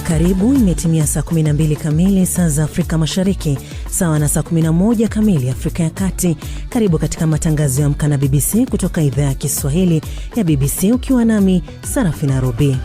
karibu. Imetimia saa 12 kamili saa za Afrika Mashariki, sawa na saa 11 kamili Afrika ya Kati. Karibu katika matangazo ya Amka na BBC kutoka idhaa ya Kiswahili ya BBC, ukiwa nami Sarafina Robi.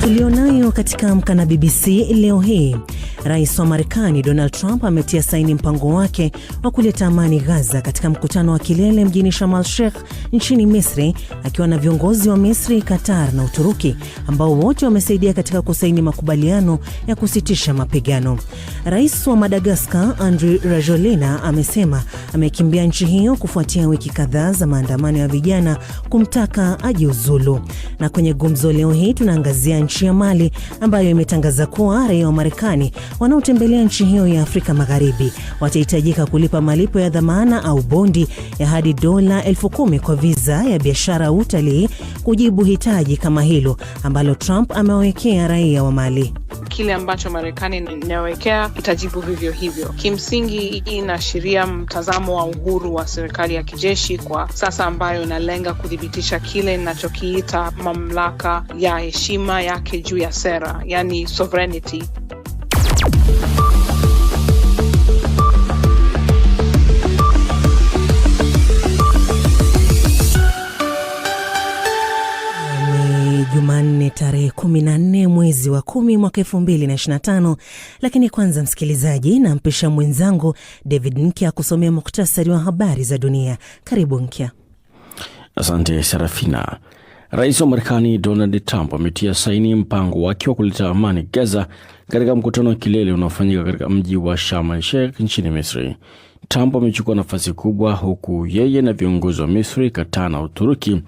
Tulionayo katika Amka na BBC leo hii Rais wa Marekani Donald Trump ametia saini mpango wake wa kuleta amani Gaza katika mkutano wa kilele mjini Sharm el Sheikh nchini Misri, akiwa na viongozi wa Misri, Qatar na Uturuki ambao wote wamesaidia katika kusaini makubaliano ya kusitisha mapigano. Rais wa Madagaskar Andry Rajoelina amesema amekimbia nchi hiyo kufuatia wiki kadhaa za maandamano ya vijana kumtaka ajiuzulu. Na kwenye gumzo leo hii tunaangazia nchi ya Mali ambayo imetangaza kuwa raia wa Marekani wanaotembelea nchi hiyo ya Afrika Magharibi watahitajika kulipa malipo ya dhamana au bondi ya hadi dola elfu kumi kwa viza ya biashara au utalii, kujibu hitaji kama hilo ambalo Trump amewawekea raia wa Mali. Kile ambacho Marekani inawekea itajibu vivyo hivyo. Kimsingi, hii inaashiria mtazamo wa uhuru wa serikali ya kijeshi kwa sasa, ambayo inalenga kuthibitisha kile inachokiita mamlaka ya heshima yake juu ya sera, yani sovereignty. Jumanne tarehe 14 mwezi wa 10 mwaka 2025. Lakini kwanza, msikilizaji, nampisha mwenzangu David Nkya kusomea muktasari wa habari za dunia. Karibu Nkya. Asante Serafina. Rais wa Marekani Donald Trump ametia saini mpango wake wa kuleta amani Gaza katika mkutano wa kilele unaofanyika katika mji wa Sharm el Sheikh nchini Misri. Trump amechukua nafasi kubwa, huku yeye na viongozi wa Misri, kataa na Uturuki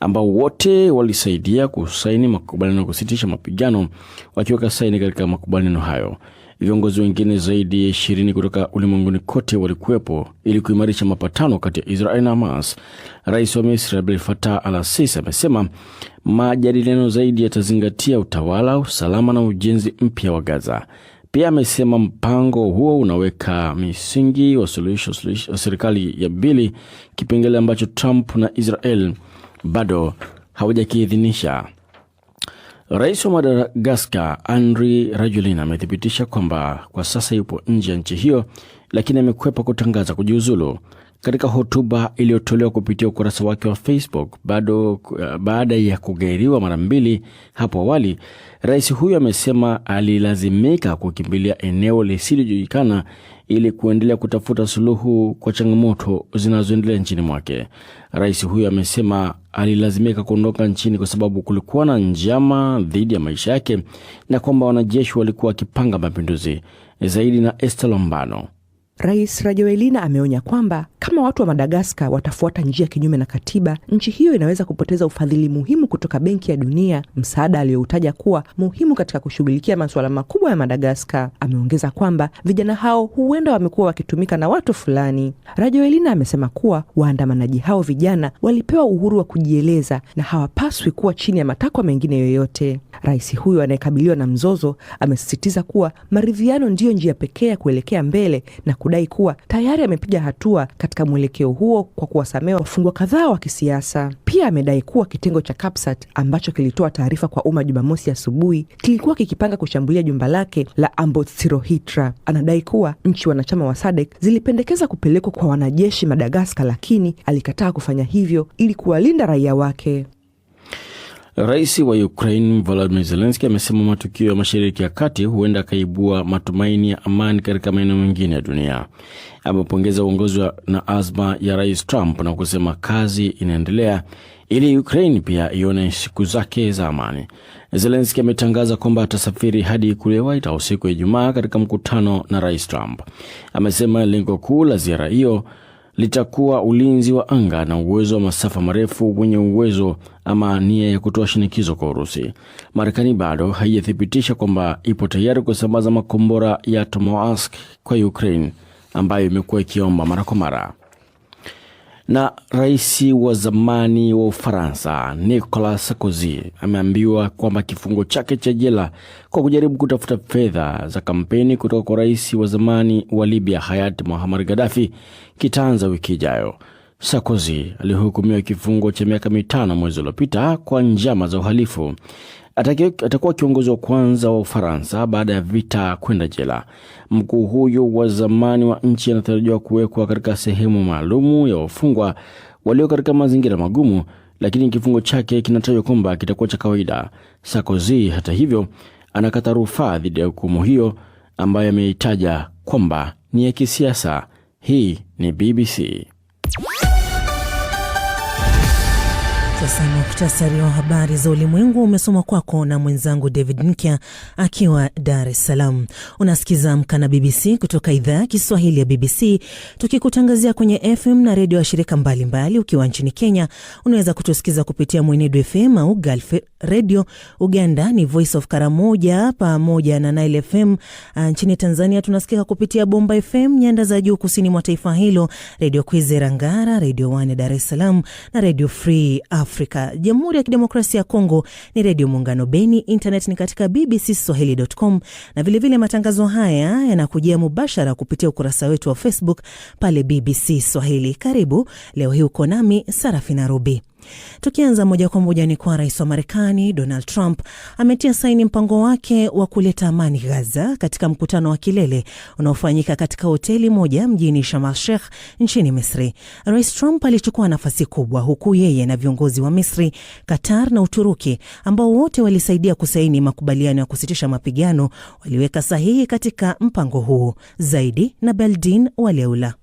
ambao wote walisaidia kusaini makubaliano ya kusitisha mapigano wakiweka saini katika makubaliano hayo. Viongozi wengine zaidi ya ishirini kutoka ulimwenguni kote walikuwepo ili kuimarisha mapatano kati ya Israel na Hamas. Rais wa Misri Abdel Fattah al-Sisi amesema majadiliano zaidi yatazingatia utawala, usalama na ujenzi mpya wa Gaza. Pia amesema mpango huo unaweka misingi wa suluhisho wa serikali ya mbili, kipengele ambacho Trump na Israel bado hawajakiidhinisha. Rais wa Madagaskar Andry Rajoelina amethibitisha kwamba kwa sasa yupo nje ya nchi hiyo, lakini amekwepa kutangaza kujiuzulu. Katika hotuba iliyotolewa kupitia ukurasa wake wa Facebook bado eh, baada ya kugairiwa mara mbili hapo awali, rais huyo amesema alilazimika kukimbilia eneo lisilojulikana ili kuendelea kutafuta suluhu kwa changamoto zinazoendelea nchini mwake. Rais huyo amesema alilazimika kuondoka nchini kwa sababu kulikuwa na njama dhidi ya maisha yake na kwamba wanajeshi walikuwa wakipanga mapinduzi. Zaidi na Esther Lombano. Rais Rajoelina ameonya kwamba kama watu wa Madagaskar watafuata njia kinyume na katiba, nchi hiyo inaweza kupoteza ufadhili muhimu kutoka Benki ya Dunia, msaada aliyoutaja kuwa muhimu katika kushughulikia masuala makubwa ya Madagaskar. Ameongeza kwamba vijana hao huenda wamekuwa wakitumika na watu fulani. Rajoelina amesema kuwa waandamanaji hao vijana walipewa uhuru wa kujieleza na hawapaswi kuwa chini ya matakwa mengine yoyote. Rais huyo anayekabiliwa na mzozo amesisitiza kuwa maridhiano ndiyo njia pekee ya kuelekea mbele na kudai kuwa tayari amepiga hatua katika mwelekeo huo kwa kuwasamea wafungwa kadhaa wa kisiasa. Pia amedai kuwa kitengo cha Kapsat ambacho kilitoa taarifa kwa umma Jumamosi asubuhi kilikuwa kikipanga kushambulia jumba lake la Ambotsirohitra. Anadai kuwa nchi wanachama wa SADC zilipendekeza kupelekwa kwa wanajeshi Madagaskar, lakini alikataa kufanya hivyo ili kuwalinda raia wake. Rais wa Ukraine Volodymyr Zelensky amesema matukio ya Mashariki ya Kati huenda akaibua matumaini ya amani katika maeneo mengine ya dunia. Amepongeza uongozi na azma ya Rais Trump na kusema kazi inaendelea ili Ukraine pia ione siku zake za amani. Zelensky ametangaza kwamba atasafiri hadi kule White House siku ya Ijumaa katika mkutano na Rais Trump. Amesema lengo kuu la ziara hiyo litakuwa ulinzi wa anga na uwezo wa masafa marefu wenye uwezo ama nia ya kutoa shinikizo kwa Urusi. Marekani bado haijathibitisha kwamba ipo tayari kusambaza makombora ya Tomahawk kwa Ukraine ambayo imekuwa ikiomba mara kwa mara. Na rais wa zamani wa Ufaransa Nicolas Sarkozy ameambiwa kwamba kifungo chake cha jela kwa kujaribu kutafuta fedha za kampeni kutoka kwa rais wa zamani wa Libya hayati Muammar Gaddafi kitaanza wiki ijayo. Sarkozy alihukumiwa kifungo cha miaka mitano mwezi uliopita kwa njama za uhalifu atakuwa kiongozi wa kwanza wa Ufaransa baada ya vita kwenda jela. Mkuu huyu wa zamani wa nchi anatarajiwa kuwekwa katika sehemu maalumu ya wafungwa walio katika mazingira magumu, lakini kifungo chake kinatajwa kwamba kitakuwa cha kawaida. Sarkozy hata hivyo, anakata rufaa dhidi ya hukumu hiyo ambayo ameitaja kwamba ni ya kisiasa. Hii ni BBC. Sasa muktasari wa habari za ulimwengu umesoma kwako na mwenzangu David Nkya akiwa Dar es Salaam. Unasikiza Amka na BBC kutoka idhaa ya Kiswahili ya BBC, tukikutangazia kwenye FM na redio ya shirika mbalimbali mbali. Ukiwa nchini Kenya unaweza kutusikiza kupitia Mwenedu FM au Gulf Radio. Uganda ni Voice of Karamoja pamoja na Nile FM. Ah, nchini Tanzania tunasikika kupitia Bomba FM nyanda za juu kusini mwa taifa hilo, Redio Kwizera Ngara, Redio Wane Dar es Salaam na Redio Free Africa Afrika, Jamhuri ya Kidemokrasia ya Kongo ni Redio Muungano Beni, internet ni katika BBC Swahili.com, na vilevile vile matangazo haya yanakujia mubashara kupitia ukurasa wetu wa Facebook pale BBC Swahili. Karibu leo hii uko nami Sarafina Rubi. Tukianza moja kwa moja ni kwa rais wa Marekani Donald Trump ametia saini mpango wake wa kuleta amani Gaza katika mkutano wa kilele unaofanyika katika hoteli moja mjini Sharm el Sheikh nchini Misri. Rais Trump alichukua nafasi kubwa huku yeye na viongozi wa Misri, Qatar na Uturuki ambao wote walisaidia kusaini makubaliano ya kusitisha mapigano waliweka sahihi katika mpango huo Zaidi na Beldin Waleula.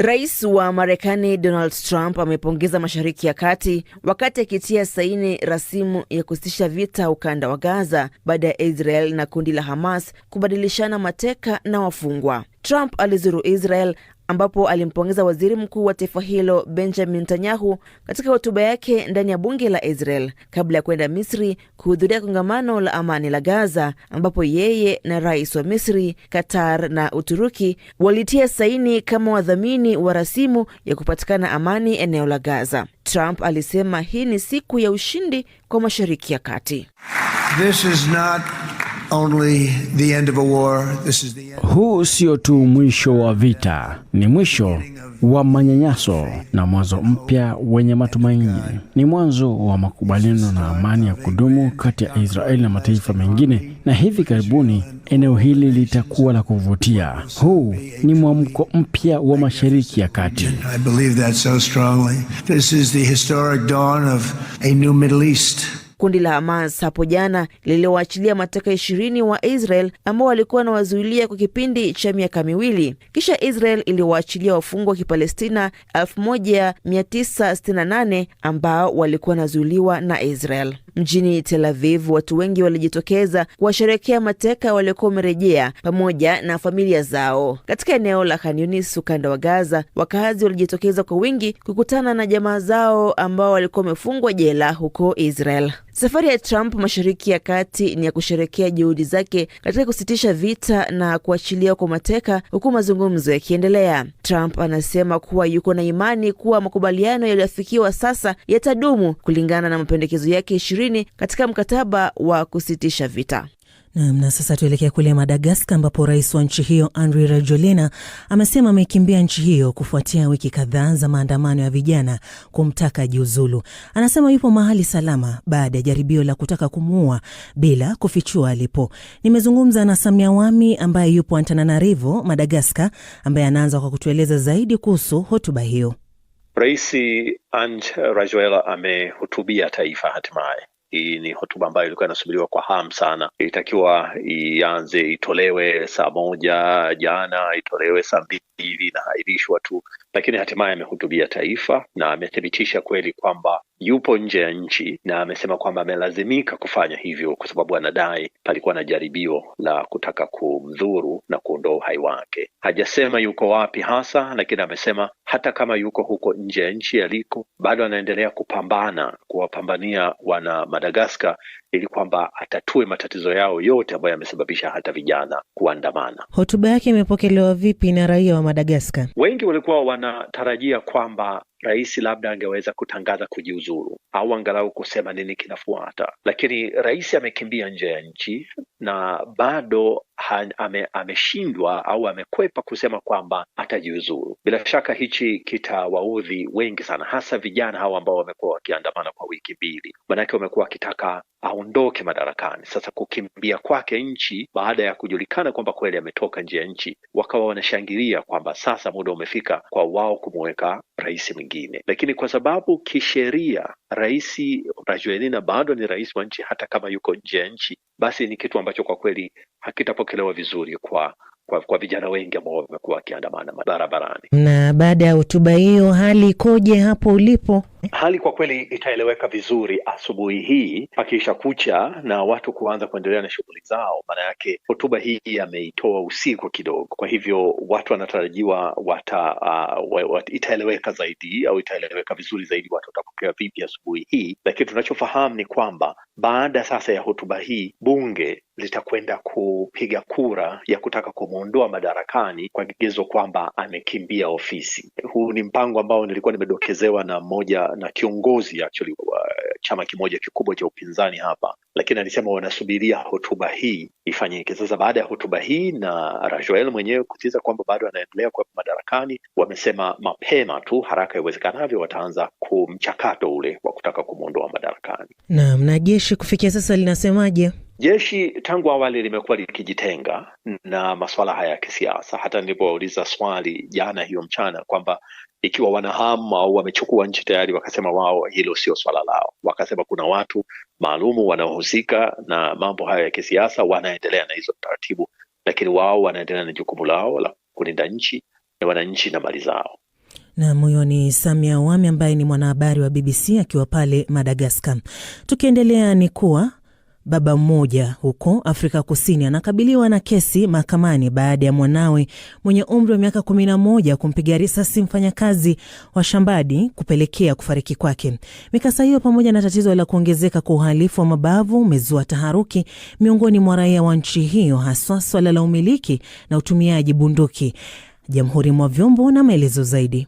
Rais wa Marekani Donald Trump amepongeza Mashariki ya Kati wakati akitia saini rasimu ya kusitisha vita ukanda wa Gaza baada ya Israel na kundi la Hamas kubadilishana mateka na wafungwa. Trump alizuru Israel ambapo alimpongeza waziri mkuu wa taifa hilo Benjamin Netanyahu katika hotuba yake ndani ya bunge la Israel kabla ya kwenda Misri kuhudhuria kongamano la amani la Gaza, ambapo yeye na rais wa Misri, Qatar na Uturuki walitia saini kama wadhamini wa rasimu ya kupatikana amani eneo la Gaza. Trump alisema hii ni siku ya ushindi kwa Mashariki ya Kati. This is not only the end of a war. This is the end. Huu sio tu mwisho wa vita, ni mwisho wa manyanyaso na mwanzo mpya wenye matumaini. Ni mwanzo wa makubaliano na amani ya kudumu kati ya Israeli na mataifa mengine, na hivi karibuni eneo hili litakuwa la kuvutia. Huu ni mwamko mpya wa Mashariki ya Kati. I This is the historic dawn of a new Middle East. Kundi la Hamas hapo jana liliwaachilia mateka ishirini wa Israel ambao walikuwa wanawazuilia kwa kipindi cha miaka miwili. Kisha Israel iliwaachilia wafungwa wa Kipalestina 1968 ambao walikuwa wanazuiliwa na Israel. Mjini Tel Aviv, watu wengi walijitokeza kuwasherekea mateka waliokuwa wamerejea pamoja na familia zao. Katika eneo la Khan ukanda wa Gaza, wakazi walijitokeza kwa wingi kukutana na jamaa zao ambao walikuwa wamefungwa jela huko Israel. Safari ya Trump mashariki ya kati ni ya kusherekea juhudi zake katika kusitisha vita na kuachiliwa kwa mateka, huku mazungumzo yakiendelea. Trump anasema kuwa yuko na imani kuwa makubaliano yaliyoafikiwa sasa yatadumu kulingana na mapendekezo yake ishirini ishirini katika mkataba wa kusitisha vita. Nam, na sasa tuelekea kule Madagaskar ambapo rais wa nchi hiyo andri rajolina amesema ameikimbia nchi hiyo kufuatia wiki kadhaa za maandamano ya vijana kumtaka jiuzulu. Anasema yupo mahali salama baada ya jaribio la kutaka kumuua bila kufichua alipo. Nimezungumza na Samia Wami ambaye yupo Antananarivo, Madagaskar, ambaye anaanza kwa kutueleza zaidi kuhusu hotuba hiyo. Rais Andry rajuela amehutubia taifa hatimaye hii ni hotuba ambayo ilikuwa inasubiriwa kwa hamu sana, ilitakiwa ianze, itolewe saa moja jana, itolewe saa mbili hivi, inahairishwa tu lakini hatimaye amehutubia taifa na amethibitisha kweli kwamba yupo nje ya nchi, na amesema kwamba amelazimika kufanya hivyo kwa sababu anadai palikuwa na jaribio la kutaka kumdhuru na kuondoa uhai wake. Hajasema yuko wapi hasa, lakini amesema hata kama yuko huko nje ya nchi aliko, bado anaendelea kupambana kuwapambania wana Madagaskar ili kwamba atatue matatizo yao yote ambayo yamesababisha hata vijana kuandamana. Hotuba yake imepokelewa vipi na raia wa Madagaskar? Wengi walikuwa wana wanatarajia kwamba rais labda angeweza kutangaza kujiuzuru au angalau kusema nini kinafuata, lakini rais amekimbia nje ya nchi na bado ame, ameshindwa au amekwepa kusema kwamba atajiuzuru. Bila shaka hichi kitawaudhi wengi sana, hasa vijana hawa ambao wamekuwa wakiandamana kwa wiki mbili, maanake wamekuwa wakitaka aondoke madarakani. Sasa kukimbia kwake nchi baada ya kujulikana kwamba kweli ametoka nje ya nchi, wakawa wanashangilia kwamba sasa muda umefika kwa wao kumuweka rais mwingine mengine, lakini kwa sababu kisheria Rais Rajoelina bado ni rais wa nchi hata kama yuko nje ya nchi, basi ni kitu ambacho kwa kweli hakitapokelewa vizuri kwa kwa, kwa vijana wengi ambao wamekuwa wakiandamana barabarani. Na baada ya hotuba hiyo, hali ikoje hapo ulipo? Hali kwa kweli itaeleweka vizuri asubuhi hii pakiisha kucha na watu kuanza kuendelea na shughuli zao. Maana yake hotuba hii ameitoa usiku kidogo, kwa hivyo watu wanatarajiwa wata, uh, wat, itaeleweka zaidi au itaeleweka vizuri zaidi watu watapokea vipi asubuhi hii, lakini tunachofahamu ni kwamba baada sasa ya hotuba hii bunge litakwenda kupiga kura ya kutaka kumwondoa madarakani kwa kigezo kwamba amekimbia ofisi. Huu ni mpango ambao nilikuwa nimedokezewa na mmoja na kiongozi actually wa chama kimoja kikubwa cha upinzani hapa, lakini alisema wanasubiria hotuba hii ifanyike. Sasa baada ya hotuba hii na Rajoel mwenyewe kutiza kwamba bado anaendelea kuwepo madarakani, wamesema mapema tu, haraka iwezekanavyo, wataanza kumchakato ule wa kutaka kumwondoa madarakani. Naam, na jeshi kufikia sasa linasemaje? Jeshi tangu awali limekuwa likijitenga na masuala haya ya kisiasa. Hata nilipouliza swali jana hiyo mchana kwamba ikiwa wanahamu au wamechukua nchi tayari, wakasema wao hilo sio swala lao. Wakasema kuna watu maalumu wanaohusika na mambo hayo ya kisiasa, wanaendelea na hizo taratibu, lakini wao wanaendelea na jukumu lao la kulinda nchi na wananchi na mali zao. Nam, huyo ni Samia wami ambaye ni mwanahabari wa BBC akiwa pale Madagaskar. Tukiendelea ni kuwa Baba mmoja huko Afrika Kusini anakabiliwa na kesi mahakamani baada ya mwanawe mwenye umri wa miaka moja kumpiga risasi mfanyakazi wa shambani kupelekea kufariki kwake. Mikasa hiyo pamoja na tatizo la kuongezeka kwa uhalifu wa mabavu umezua taharuki miongoni mwa raia wa nchi hiyo, haswa swala la umiliki na utumiaji bunduki. Jamhuri mwa Vyombo na maelezo zaidi.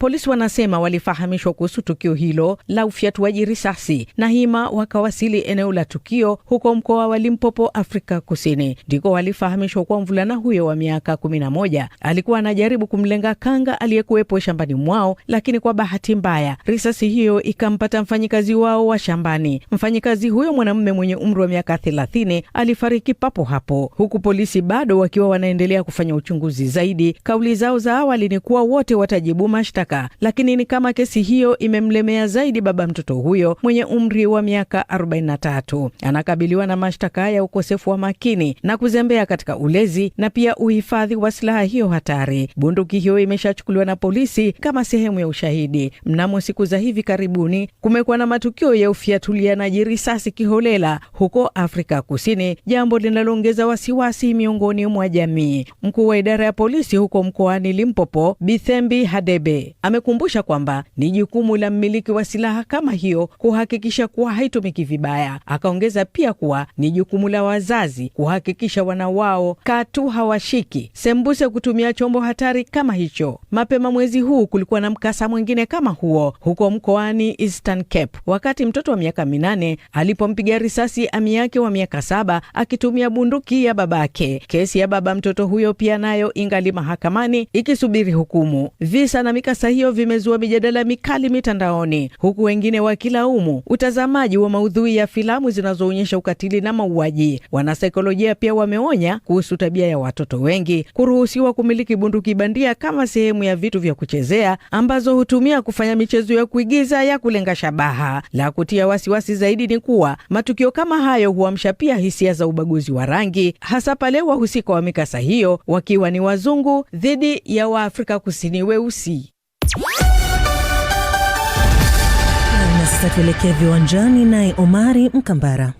Polisi wanasema walifahamishwa kuhusu tukio hilo la ufyatuaji risasi na hima wakawasili eneo la tukio huko mkoa wa Limpopo, Afrika Kusini. Ndiko walifahamishwa kuwa mvulana huyo wa miaka kumi na moja alikuwa anajaribu kumlenga kanga aliyekuwepo shambani mwao, lakini kwa bahati mbaya risasi hiyo ikampata mfanyikazi wao wa shambani. Mfanyikazi huyo mwanamume mwenye umri wa miaka thelathini alifariki papo hapo, huku polisi bado wakiwa wanaendelea kufanya uchunguzi zaidi. Kauli zao za awali ni kuwa wote watajibu mashtaka mashtaka, lakini ni kama kesi hiyo imemlemea zaidi baba mtoto huyo mwenye umri wa miaka 43. Anakabiliwa na mashtaka ya ukosefu wa makini na kuzembea katika ulezi na pia uhifadhi wa silaha hiyo hatari. Bunduki hiyo imeshachukuliwa na polisi kama sehemu ya ushahidi. Mnamo siku za hivi karibuni kumekuwa na matukio ya ufiatulianaji risasi kiholela huko Afrika Kusini, jambo linaloongeza wasiwasi miongoni mwa jamii. Mkuu wa idara ya polisi huko mkoani Limpopo, Bithembi Hadebe, Amekumbusha kwamba ni jukumu la mmiliki wa silaha kama hiyo kuhakikisha kuwa haitumiki vibaya. Akaongeza pia kuwa ni jukumu la wazazi kuhakikisha wana wao katu hawashiki sembuse kutumia chombo hatari kama hicho. Mapema mwezi huu kulikuwa na mkasa mwingine kama huo huko mkoani Eastern Cape, wakati mtoto wa miaka minane alipompiga risasi ami yake wa miaka saba akitumia bunduki ya babake. Kesi ya baba mtoto huyo pia nayo ingali mahakamani ikisubiri hukumu. Visa na mikasa hiyo vimezua mijadala mikali mitandaoni, huku wengine wakilaumu utazamaji wa maudhui ya filamu zinazoonyesha ukatili na mauaji. Wanasaikolojia pia wameonya kuhusu tabia ya watoto wengi kuruhusiwa kumiliki bunduki bandia kama sehemu ya vitu vya kuchezea ambazo hutumia kufanya michezo ya kuigiza ya kulenga shabaha. La kutia wasiwasi wasi zaidi ni kuwa matukio kama hayo huamsha pia hisia za ubaguzi wa rangi, hasa pale wahusika wa mikasa hiyo wakiwa ni wazungu dhidi ya Waafrika Kusini weusi. Sasa tuelekee viwanjani, naye Omari Mkambara.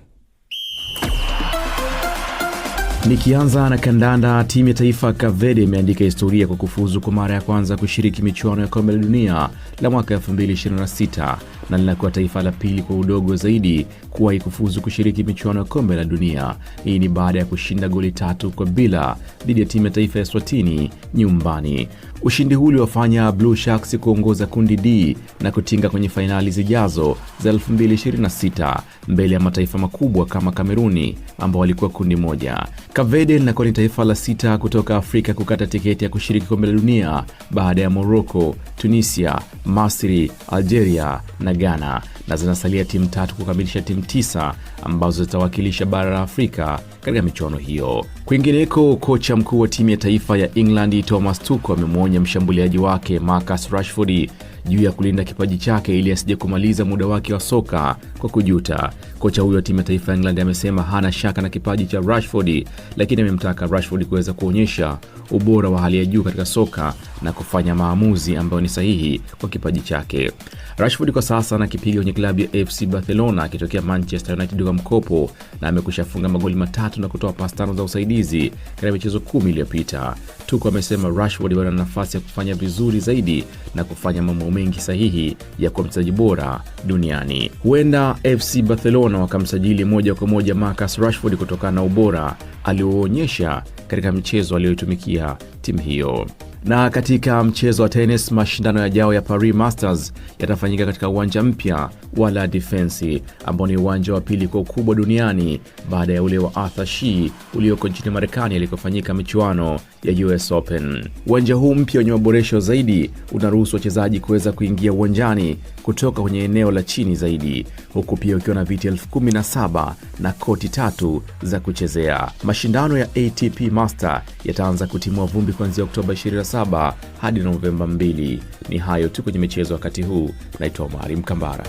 Nikianza na kandanda, timu ya taifa kavede imeandika historia kwa kufuzu kwa mara ya kwanza kushiriki michuano ya kombe la dunia la mwaka 226 na linakuwa taifa la pili kwa udogo zaidi kuwahi kufuzu kushiriki michuano ya kombe la dunia. Hii ni baada ya kushinda goli tatu kwa bila dhidi ya timu ya taifa ya swatini nyumbani. Ushindi huu uliwafanya Blue Sharks kuongoza kundi D na kutinga kwenye fainali zijazo za 226 mbele ya mataifa makubwa kama Kameruni ambao walikuwa kundi moja. kavede linakuwa ni taifa la sita kutoka Afrika kukata tiketi ya kushiriki kombe la dunia baada ya Morocco, Tunisia, masri Algeria na Ghana, na zinasalia timu tatu kukamilisha timu tisa ambazo zitawakilisha bara la Afrika katika michuano hiyo. Kwingineko, kocha mkuu wa timu ya taifa ya England Thomas tuko amemwonya kumwonya mshambuliaji wake Marcus Rashford juu ya kulinda kipaji chake ili asije kumaliza muda wake wa soka kwa kujuta. Kocha huyo wa timu ya taifa ya England amesema hana shaka na kipaji cha Rashford, lakini amemtaka Rashford kuweza kuonyesha ubora wa hali ya juu katika soka na kufanya maamuzi ambayo ni sahihi kwa kipaji chake. Rashford kwa sasa anakipiga kwenye klabu ya FC Barcelona akitokea Manchester United kwa mkopo na amekwisha funga magoli matatu na kutoa pasi tano za usaidizi katika michezo kumi iliyopita. Tuku amesema Rashford wana nafasi ya kufanya vizuri zaidi na kufanya mambo mengi sahihi ya kuwa mchezaji bora duniani. Huenda FC Barcelona wakamsajili moja kwa moja Marcus Rashford kutokana na ubora alioonyesha katika michezo aliyoitumikia timu hiyo. Na katika mchezo wa tenis, mashindano yajao ya Paris Masters yatafanyika katika uwanja mpya wa La defensi ambao ni uwanja wa pili kwa ukubwa duniani baada ya ule wa Arthur shi ulioko nchini Marekani alikofanyika michuano ya US Open. Uwanja huu mpya wenye maboresho zaidi unaruhusu wachezaji kuweza kuingia uwanjani kutoka kwenye eneo la chini zaidi, huku pia ukiwa na viti 17 na koti tatu za kuchezea. Mashindano ya ATP Master yataanza kutimua vumbi kuanzia Oktoba 17 hadi Novemba 2. Ni hayo tu kwenye michezo wakati huu. Naitwa Mwalimu Kambara.